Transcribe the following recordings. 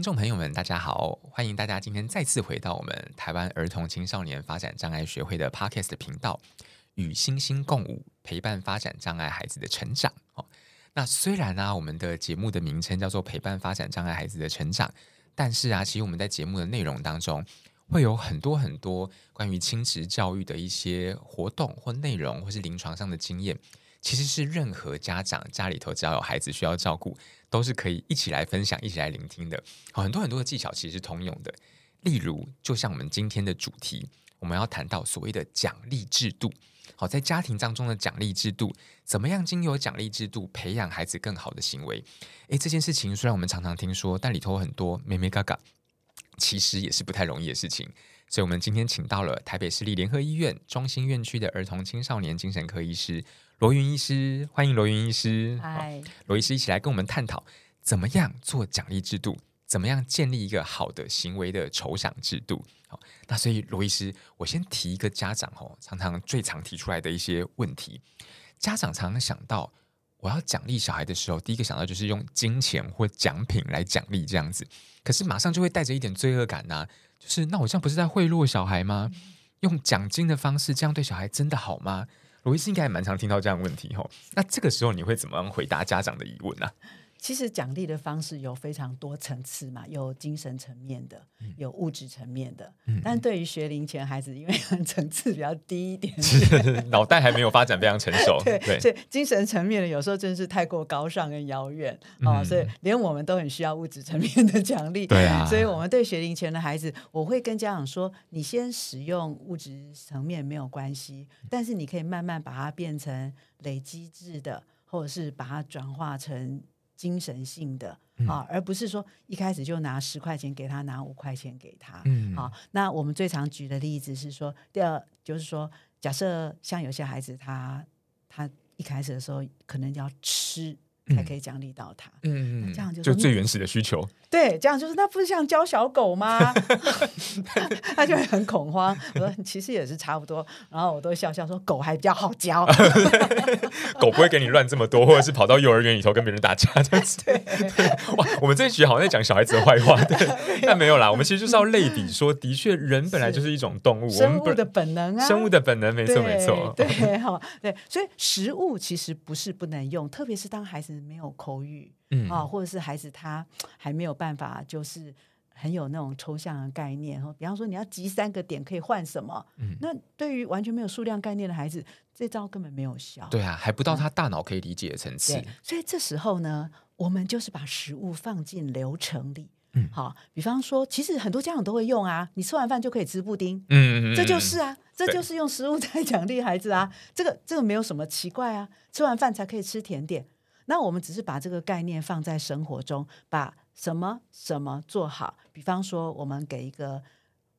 聽眾朋友們，大家好！歡迎大家今天再次回到我們台灣兒童青少年發展障礙學會的 Podcast 頻道，《與星星共舞》，陪伴發展障礙孩子的成長。哦，那雖然呢、啊，我們的節目的名稱叫做《陪伴發展障礙孩子的成長》，但是啊，其實我們在節目的內容當中會有很多很多關於親職教育的一些活動或內容，或是臨床上的經驗。其實是任何家長家裡頭只要有孩子需要照顧，都是可以一起來分享、一起來聆聽的。很多很多的技巧其實是通用的，例如就像我們今天的主題，我們要談到所謂的獎勵制度。好，在家庭當中的獎勵制度，怎麼樣經由獎勵制度培養孩子更好的行為？誒，這件事情雖然我們常常聽說，但裡頭很多眉眉角角。其實也是不太容易的事情，所以我們今天請到了台北市立聯合醫院中心院區的兒童青少年精神科醫師羅筠醫師，歡迎羅筠醫師。嗨好，羅醫師一起來跟我們探討怎麼樣做獎勵制度，怎麼樣建立一個好的行為的酬賞制度。好，那所以羅醫師，我先提一個家長哦，常常最常提出來的一些問題，家長常常想到。我要獎勵小孩的時候，第一個想到就是用金錢或獎品來獎勵這樣子，可是馬上就會帶着一點罪惡感吶、啊，就是那我這樣不是在賄賂小孩嗎？用獎金的方式，這樣對小孩真的好嗎？羅醫師應該還蠻常聽到這樣的問題吼，那這個時候你會怎麼樣回答家長的疑問呢、啊？其實獎勵的方式有非常多層次嘛，有精神層面的，有物質層面的。嗯、但對於學齡前孩子，因為層次比較低一點，腦袋還沒有發展 非常成熟，對，對，所以精神層面的有時候真的是太過高尚跟遙遠、嗯啊、所以連我們都很需要物質層面的獎勵。對啊，所以我們對學齡前的孩子，我會跟家長說，你先使用物質層面沒有關係，但是你可以慢慢把它變成累積制的，或者是把它轉化成。精神性的、嗯、啊，而不是說一開始就拿十塊錢給他，拿五塊錢給他。嗯，好、啊，那我們最常舉的例子是說，第二就是說，假設像有些孩子他，他他一開始的時候可能要吃。才可以獎勵到他，嗯，這樣就是就最原始的需求。嗯、對，這樣就是那不是像教小狗嗎？ 他就會很恐慌。我說其實也是差不多，然後我都笑笑說狗還比較好教， 狗不會給你亂這麼多，或者是跑到幼兒園裡頭跟別人打架。 對對，對，哇，我們這一局好像在講小孩子的壞話。對，但 沒有啦，我們其實就是要類比說，說的確人本來就是一種動物，是生物的本能啊，生物的本能，沒錯沒錯，對哈，哦、對，所以食物其實不是不能用，特別是當孩子。沒有口語，嗯、啊、或者是孩子他還沒有辦法，就是很有那種抽象的概念。比方說你要集三個點可以換什麼？嗯、那對於完全沒有數量概念的孩子，這招根本沒有效。對啊，還不到他大腦可以理解的層次、啊。所以這時候呢，我們就是把食物放進流程裡。嗯，好、啊，比方說，其實很多家長都會用啊，你吃完飯就可以吃布丁。嗯,嗯,嗯，這就是啊，這就是用食物在獎勵孩子啊。對這個這個沒有什麼奇怪啊，吃完飯才可以吃甜點。那我們只是把這個概念放在生活中，把什麼什麼做好。比方說，我們給一個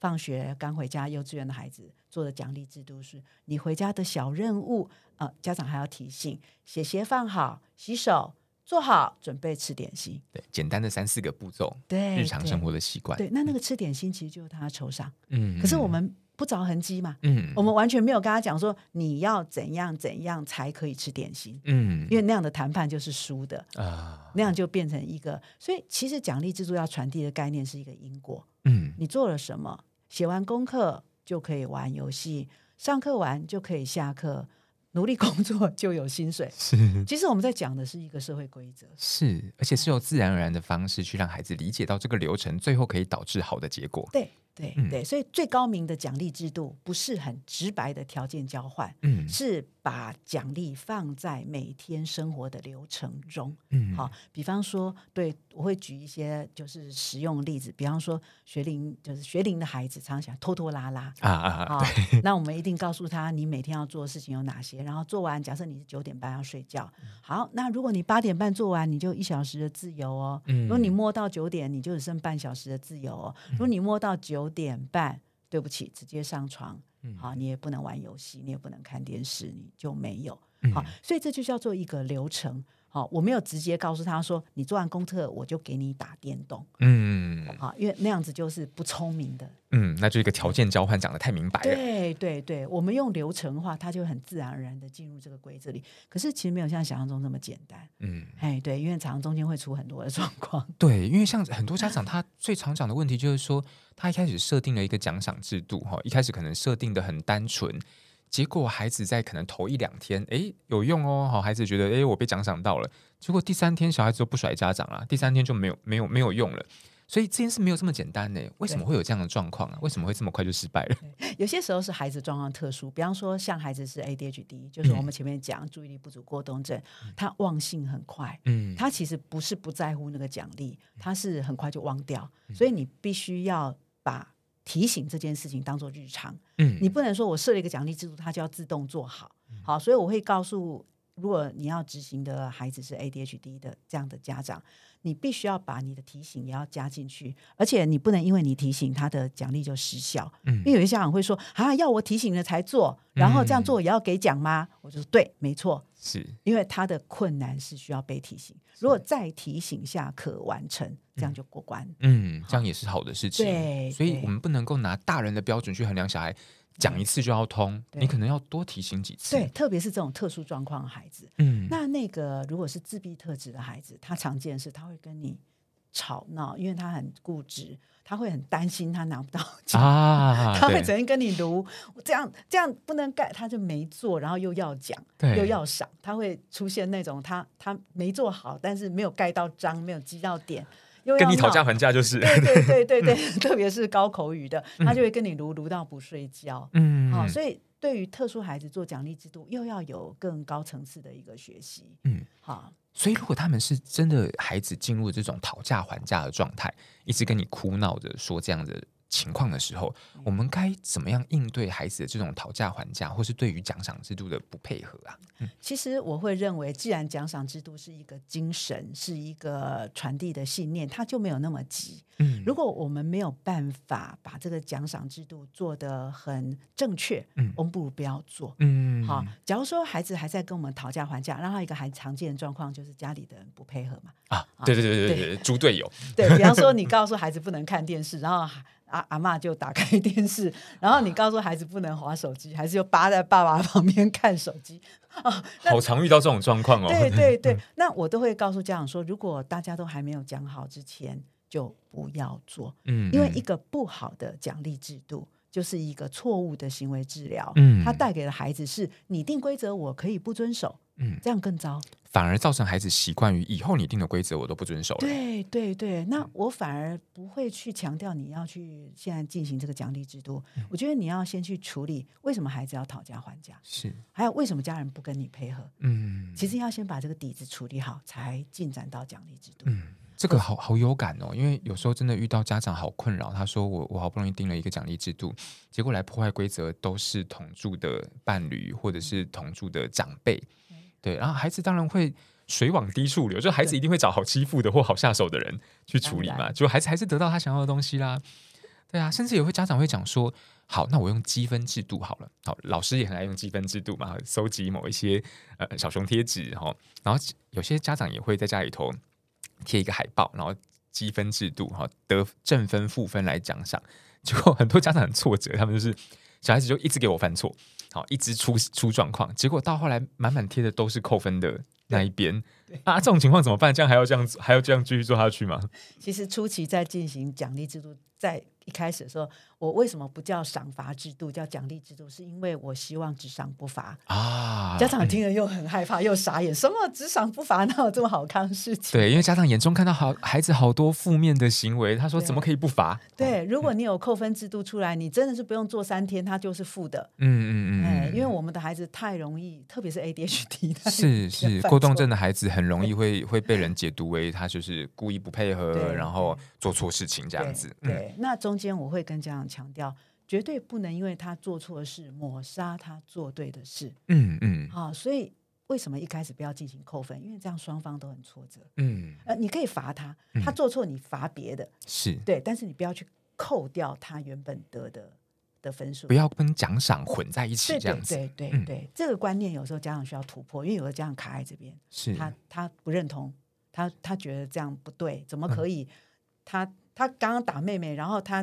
放學剛回家幼稚園的孩子做的獎勵制度是：你回家的小任務，呃，家長還要提醒，鞋鞋放好，洗手，做好，準備吃點心。對，簡單的三四個步驟，對，日常生活的習慣。對，對，那那個吃點心其實就是他的酬賞。嗯，可是我們。不著痕跡嘛？嗯，我們完全沒有跟他講說你要怎樣怎樣才可以吃點心。嗯，因為那樣的談判就是輸的啊，那樣就變成一個。所以其實獎勵制度要傳遞的概念是一個因果。嗯，你做了什麼，寫完功課就可以玩遊戲，上課完就可以下課，努力工作就有薪水。是，其實我們在講的是一個社會規則。是，而且是有自然而然的方式去讓孩子理解到這個流程，最後可以導致好的結果。對。對對，所以最高明的獎勵制度不是很直白的條件交換，嗯，是把獎勵放在每天生活的流程中，嗯，好，比方說，對，我會舉一些就是實用的例子，比方說學齡就是學齡的孩子常常想拖拖拉拉啊啊，好對那我們一定告訴他，你每天要做的事情有哪些，然後做完，假設你是九點半要睡覺，好，那如果你八點半做完，你就一小時的自由哦，嗯、如果你摸到九點，你就只剩半小時的自由哦，如果你摸到九、嗯。九點半，對不起，直接上床。好、嗯啊，你也不能玩遊戲，你也不能看電視，你就沒有好，啊嗯、所以這就叫做一個流程。哦，我沒有直接告訴他說，你做完功課我就給你打電動。嗯，好、哦，因為那樣子就是不聰明的。嗯，那就一個條件交換對講得太明白了。對對對，我們用流程化，他就很自然而然地進入這個規則裡。可是其實沒有像想象中那麼簡單。嗯，對，因為常常中間會出很多的狀況。對，因為像很多家長，他最常講的問題就是說， 他一開始設定了一個獎賞制度，哈，一開始可能設定得很單純。結果孩子在可能頭一兩天，哎，有用哦，好，孩子覺得，哎，我被獎賞到了。結果第三天小孩子就不甩家長了，第三天就沒有沒有沒有用了。所以這件事沒有這麼簡單呢？為什麼會有這樣的狀況啊？對為什麼會這麼快就失敗了？有些時候是孩子狀況特殊，比方說像孩子是 ADHD，就是我們前面講注意力不足過動症，嗯、他忘性很快。嗯，他其實不是不在乎那個獎勵，他是很快就忘掉。嗯、所以你必須要把。提醒這件事情當做日常，嗯，你不能說，我設了一個獎勵制度，他就要自動做好，好，所以我會告訴。如果你要執行的孩子是 ADHD 的這樣的家長，你必須要把你的提醒也要加進去，而且你不能因為你提醒他的獎勵就失效。嗯，因為有些家長會說啊，要我提醒了才做，然後這樣做也要給獎嗎？嗯、我就說對，沒錯，是因為他的困難是需要被提醒。如果再提醒下可完成，是這樣就過關。嗯，好這樣也是好的事情。對，對，所以我們不能夠拿大人的標準去衡量小孩。講一次就要通，嗯、你可能要多提醒幾次。對，特別是這種特殊狀況的孩子，嗯，那那個如果是自閉特質的孩子，他常見的是他會跟你吵鬧，因為他很固執，他會很擔心他拿不到獎，啊、他會整天跟你盧，這樣這樣不能蓋，他就沒做，然後又要講，對又要賞，他會出現那種他他沒做好，但是沒有蓋到章，沒有積到點。跟你討價還價就是，對對對對，對 特別是高口語的，他就會跟你盧，盧到不睡覺。嗯、好、哦，所以對於特殊孩子做獎勵制度，又要有更高層次的一個學習。嗯、好、哦，所以如果他們是真的孩子進入這種討價還價的狀態，一直跟你哭鬧着說這樣的情況的時候，我們該怎麼樣應對孩子的這種討價還價，或是對於獎賞制度的不配合啊？其實我會認為，既然獎賞制度是一個精神，是一個傳遞的信念，它就沒有那麼急。嗯，如果我們沒有辦法把這個獎賞制度做得很正確，嗯，我們不如不要做。嗯，好，假如說孩子還在跟我們討價還價，然後一個很常見的狀況就是家裡的人不配合嘛。啊，對對對對對，對，豬隊友。對，對，比方說，你告訴孩子不能看電視， 然後。啊、阿阿嬤就打開電視，然後你告訴孩子不能滑手機，啊、還是就扒在爸爸旁邊看手機。哦、好常遇到這種狀況哦。對對對，那我都會告訴家長說，如果大家都還沒有講好之前，就不要做。嗯、因為一個不好的獎勵制度，就是一個錯誤的行為治療。嗯、它帶給了孩子是，你定規則，我可以不遵守。嗯、這樣更糟。反而造成孩子習慣於以後你定的規則我都不遵守了。對對對，那我反而不會去強調你要去現在進行這個獎勵制度。嗯，我覺得你要先去處理為什麼孩子要討價還價，是還有為什麼家人不跟你配合。嗯，其實你要先把這個底子處理好，才進展到獎勵制度。嗯，這個好好有感哦，因為有時候真的遇到家長好困擾，他說我我好不容易定了一個獎勵制度，結果來破壞規則都是同住的伴侶或者是同住的長輩。對，然後孩子當然會水往低處流，就孩子一定會找好欺負的或好下手的人去處理嘛，就孩子還是得到他想要的東西啦。對啊，甚至有些家長會講說：“好，那我用積分制度好了。”好，老師也很愛用積分制度嘛，蒐集某一些呃小熊貼紙哈。然後有些家長也會在家裡頭貼一個海報，然後積分制度哈，得正分負分來獎賞。結果很多家長的挫折，他們就是小孩子就一直給我犯錯。一直出出狀況，結果到後來滿滿貼的都是扣分的那一邊，啊，這種情況怎麼辦？這樣還要這樣，還要這樣繼續做下去嗎？其實初期在進行獎勵制度，在。一開始說，我為什麼不叫賞罰制度，叫獎勵制度？是因為我希望只賞不罰啊！家長聽了又很害怕，又傻眼，什麼只賞不罰？哪有這麼好康的事情？對，因為家長眼中看到好孩子好多負面的行為，他說怎麼可以不罰？對啊，對，如果你有扣分制度出來，你真的是不用做三天，他就是負的。嗯嗯嗯。嗯嗯嗯。因為我們的孩子太容易，特別是 ADHD 是，是是過動症的孩子，很容易會對會被人解讀為他就是故意不配合，對然後做錯事情這樣子。對，對嗯、那中間我會跟家長強調，絕對不能因為他做錯的事抹殺他做對的事。嗯嗯，嗯啊，所以為什麼一開始不要進行扣分？因為這樣雙方都很挫折。嗯，呃，你可以罰他，他做錯你罰別的，是。嗯、對，是但是你不要去扣掉他原本得的。不要跟獎賞混在一起，這樣子。對對對、對、對、對、嗯、這個觀念有時候家長需要突破，因為有的家長卡在這邊，是他他不認同，他他覺得這樣不對，怎麼可以？嗯、他他剛剛打妹妹，然後他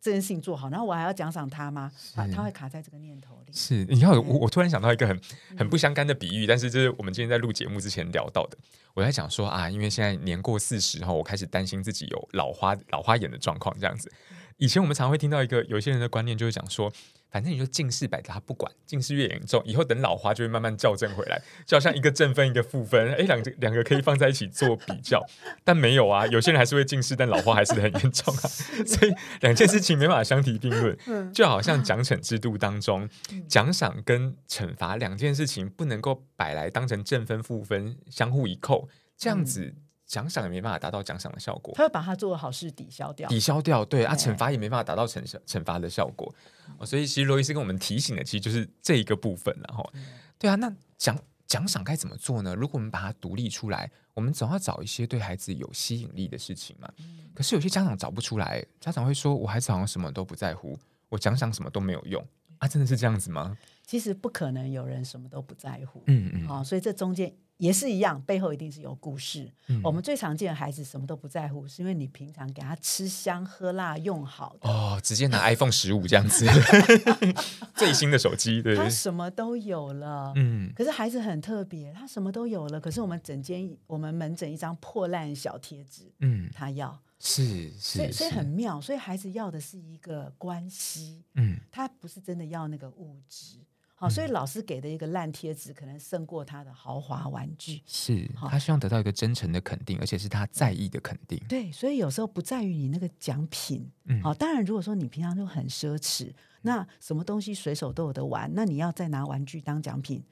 這件事情做好，然後我還要獎賞他嗎？是啊，他會卡在這個念頭裡。是，你要我對我突然想到一個很很不相干的比喻，但是這是我們今天在錄節目之前聊到的，我在想說啊，因為現在年過四十後，我開始擔心自己有老花老花眼的狀況，這樣子。以前我們常會聽到一個有些人的觀念，就是講說，反正你就近視，擺著他不管，近視越嚴重，以後等老花就會慢慢校正回來，就好像一個正分一個負分，哎，兩個兩個可以放在一起做比較，但沒有啊，有些人還是會近視，但老花還是很嚴重啊，所以兩件事情沒辦法相提並論，就好像獎懲制度當中，獎賞跟懲罰兩件事情不能夠擺來當成正分負分相互抵扣，這樣子。獎賞也沒辦法達到獎賞的效果，他會把他做的好事抵消掉。抵消掉，對，對啊，懲罰也沒辦法達到懲懲罰的效果，嗯、所以其實羅醫師跟我們提醒的，其實就是這一個部分，然後、嗯，對啊，那獎獎賞該怎麼做呢？如果我們把它獨立出來，我們總要找一些對孩子有吸引力的事情嘛。嗯、可是有些家長找不出來，家長會說，我孩子好像什麼都不在乎，我獎賞什麼都沒有用啊，真的是這樣子嗎？其實不可能有人什麼都不在乎，嗯嗯，好、哦，所以這中間。也是一樣，背後一定是有故事。嗯，我們最常見的孩子什麼都不在乎，是因為你平常給他吃香喝辣用好哦，直接拿 iPhone 十五這樣子， 最新的手機，對，他什麼都有了。嗯，可是孩子很特別，他什麼都有了，可是我們整間我們門診一張破爛小貼紙，嗯，他要，是，是，所以所以很妙，所以孩子要的是一個關係，嗯，他不是真的要那個物質。好，所以老師給的一個爛貼紙可能勝過他的豪華玩具。是他希望得到一個真誠的肯定，而且是他在意的肯定，嗯。對，所以有時候不在於你那個獎品。嗯、好，當然如果說你平常就很奢侈，那什麼東西隨手都有得玩，那你要再拿玩具當獎品。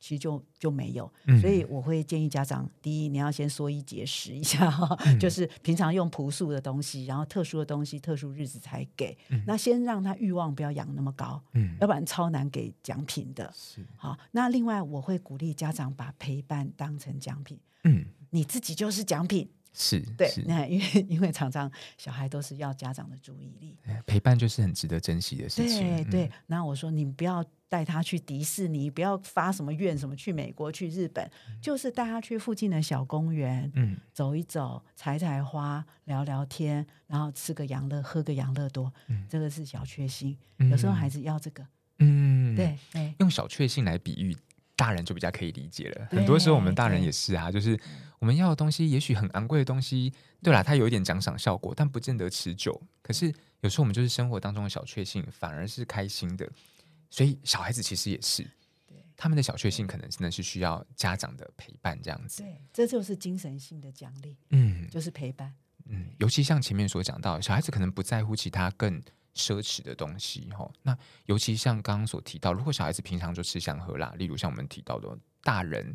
其實就就沒有，所以我會建議家長，第一，你要先縮衣節食一下，就是平常用樸素的東西，然後特殊的東西，特殊日子才給。那先讓他慾望不要養那麼高，嗯，要不然超難給獎品的。是。好，那另外我會鼓勵家長把陪伴當成獎品，嗯，你自己就是獎品，是對。那因為因為常常小孩都是要家長的注意力，陪伴就是很值得珍惜的事情。對對，那我說你不要。帶他去迪士尼，不要發什麼願，什麼，去美國去日本，就是帶他去附近的小公園，嗯，走一走，採採花，聊聊天，然後吃個養樂，喝個養樂多，嗯、這個是小確幸。嗯、有時候孩子要這個，嗯對，對，用小確幸來比喻，大人就比較可以理解了。對很多時候我們大人也是啊，對就是我們要的東西，也許很昂貴的東西，對啦，它有一點獎賞效果，但不見得持久。可是有時候我們就是生活當中的小確幸，反而是開心的。所以小孩子其實也是，嗯、對他們的小確幸可能真的是需要家長的陪伴這樣子。對，這就是精神性的獎勵，嗯，就是陪伴，嗯，對尤其像前面所講到，小孩子可能不在乎其他更奢侈的東西哈。那尤其像剛剛所提到，如果小孩子平常就吃香喝辣，例如像我們提到的，大人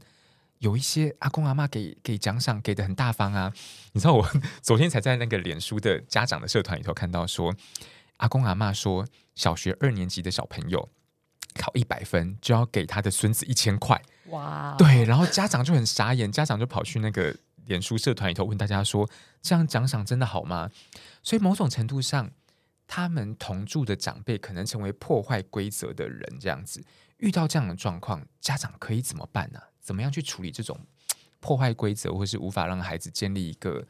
有一些阿公阿嬤給給獎賞給的很大方啊，你知道我昨天才在那個臉書的家長的社團裡頭看到說，阿公阿嬤說小學二年級的小朋友，考一百分就要給他的孫子一千塊，哇 Wow！對，然後家長就很傻眼，家長就跑去那個臉書社團裡頭問大家說：“這樣獎賞真的好嗎？”所以某種程度上，他們同住的長輩可能成為破壞規則的人。這樣子遇到這樣的狀況，家長可以怎麼辦呢、啊？怎麼樣去處理這種破壞規則，或是無法讓孩子建立一個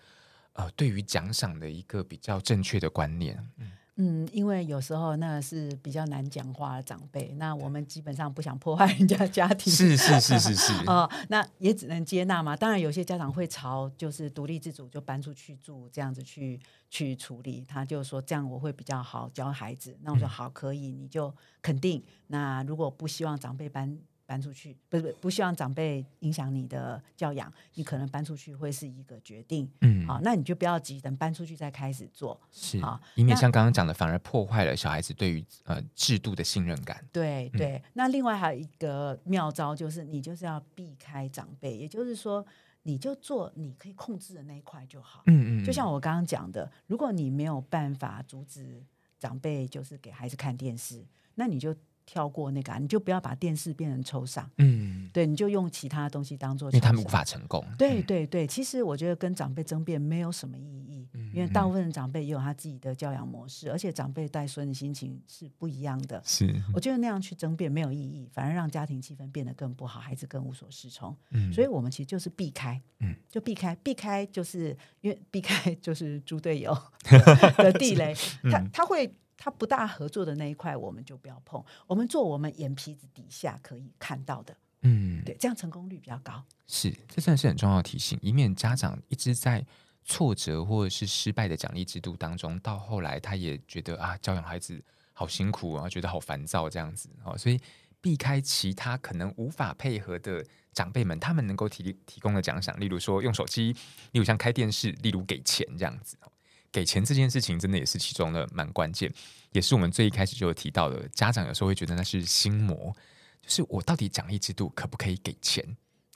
呃對於獎賞的一個比較正確的觀念？嗯嗯，因為有時候那是比較難講話的長輩，那我們基本上不想破壞人家家庭，對 是是是是是，哦，那也只能接納嘛。當然，有些家長會朝就是獨立自主就搬出去住這樣子去去處理，他就說這樣我會比較好教孩子。那我說，嗯，好可以，你就肯定。那如果不希望長輩搬。搬出去不不不希望長輩影響你的教養，你可能搬出去會是一個決定，嗯，好，那你就不要急，等搬出去再開始做，是啊，好，以免像剛剛講的，嗯，反而破壞了小孩子對於呃制度的信任感。對對，對嗯，那另外還有一個妙招就是，你就是要避開長輩，也就是說，你就做你可以控制的那一塊就好。嗯，嗯嗯，就像我剛剛講的，如果你沒有辦法阻止長輩，就是給孩子看電視，那你就。跳過那個、啊，你就不要把電視變成酬賞。嗯，對，你就用其他的東西當做。因為他們無法成功。嗯、對對對，其實我覺得跟長輩爭辯沒有什麼意義，嗯、因為大部分的長輩也有他自己的教養模式，嗯、而且長輩帶孫的心情是不一樣的。是，我覺得那樣去爭辯沒有意義，反而讓家庭氣氛變得更不好，孩子更無所適從。嗯、所以我們其實就是避開，嗯，就避開，避開就是因為避開就是豬隊友的地雷，他他、 嗯、會。他不大合作的那一塊，我們就不要碰。我們做我們眼皮子底下可以看到的，嗯，對，這樣成功率比較高。是，這算是很重要的提醒，以免家長一直在挫折或者是失敗的獎勵制度當中，到後來他也覺得啊，教養孩子好辛苦啊，然後覺得好煩躁這樣子啊，哦，所以避開其他可能無法配合的長輩們，他們能夠提提供的獎賞，例如說用手機，例如像開電視，例如給錢這樣子。給錢這件事情真的也是其中的蠻關鍵，也是我們最一開始就提到的。家長有時候會覺得那是心魔，就是我到底獎勵制度可不可以給錢？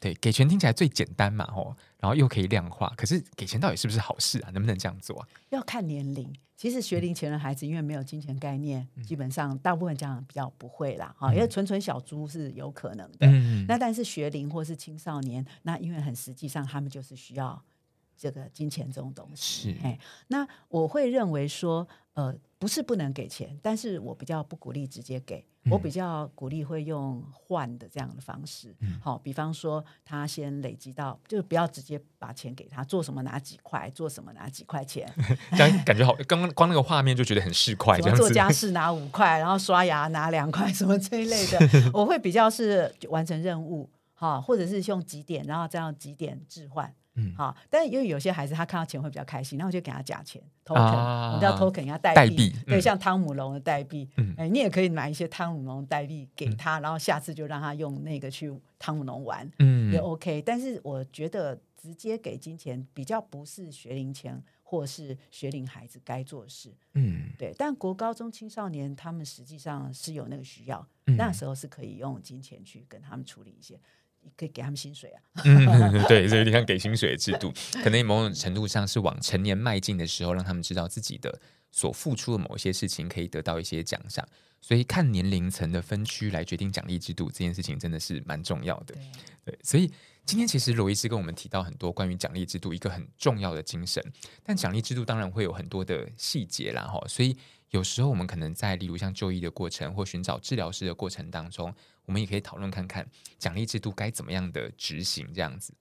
對，給錢聽起來最簡單嘛，哦，然後又可以量化。可是給錢到底是不是好事啊？能不能這樣做啊？要看年齡。其實學齡前的孩子因為沒有金錢概念，嗯、基本上大部分家長比較不會啦，哈、嗯，因為純純小豬是有可能的。嗯嗯嗯，那但是學齡或是青少年，那因為很實際上他們就是需要。這個金錢這種東西，哎，是，那我會認為說，呃，不是不能給錢，但是我比較不鼓勵直接給，嗯、我比較鼓勵會用換的這樣的方式，好、嗯哦，比方說他先累積到，就是不要直接把錢給他，做什麼拿幾塊，做什麼拿幾塊錢， 感覺好。剛剛光那個畫面就覺得很市儈，做家事拿五塊， 然後刷牙拿兩塊，什麼這一類的， 我會比較是完成任務，哈、哦，或者是用幾點，然後再用幾點置換。嗯、好，但因為有些孩子他看到錢會比較開心，然後就給他假錢偷啃，我 t o 偷 e n 要代幣，代幣嗯、對，像湯姆龍的代幣、嗯，你也可以買一些湯姆龍的代幣給他，嗯、然後下次就讓他用那個去湯姆龍玩，嗯，也 OK。但是我覺得直接給金錢比較不是學齡前或是學齡孩子該做的事，嗯，對。但國高中青少年他們實際上是有那個需要，嗯、那時候是可以用金錢去跟他們處理一些。可以給他們薪水啊！ 嗯，對，這有點像給薪水的制度， 可能某種程度上是往成年邁進的時候，讓他們知道自己的所付出的某些事情可以得到一些獎賞，所以看年齡層的分區來決定獎勵制度這件事情，真的是蠻重要的。對，對，所以。今天其實羅醫師跟我們提到很多關於獎勵制度一個很重要的精神，但獎勵制度當然會有很多的細節啦吼，所以有時候我們可能在例如像就醫的過程或尋找治療師的過程當中，我們也可以討論看看獎勵制度該怎麼樣的執行這樣子。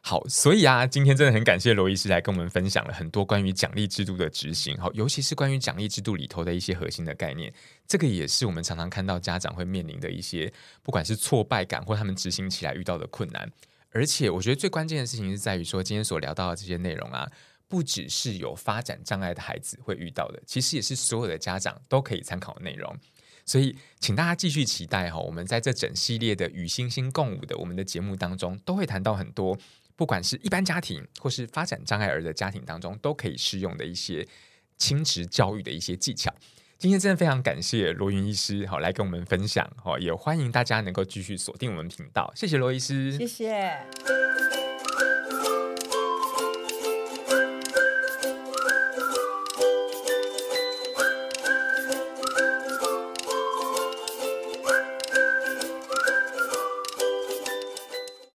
好，所以啊，今天真的很感謝羅醫師來跟我們分享了很多關於獎勵制度的執行，好，尤其是關於獎勵制度裡頭的一些核心的概念。這個也是我們常常看到家長會面臨的一些，不管是挫敗感或他們執行起來遇到的困難。而且，我覺得最關鍵的事情是在於說，今天所聊到的這些內容啊，不只是有發展障礙的孩子會遇到的，其實也是所有的家長都可以參考的內容。所以，請大家繼續期待哈，我們在這整系列的與星星共舞的我們的節目當中，都會談到很多，不管是一般家庭或是發展障礙兒的家庭當中，都可以適用的一些親職教育的一些技巧。今天真的非常感謝羅筠醫師哈，來跟我們分享哈，也歡迎大家能夠繼續鎖定我們頻道。謝謝羅醫師，謝謝。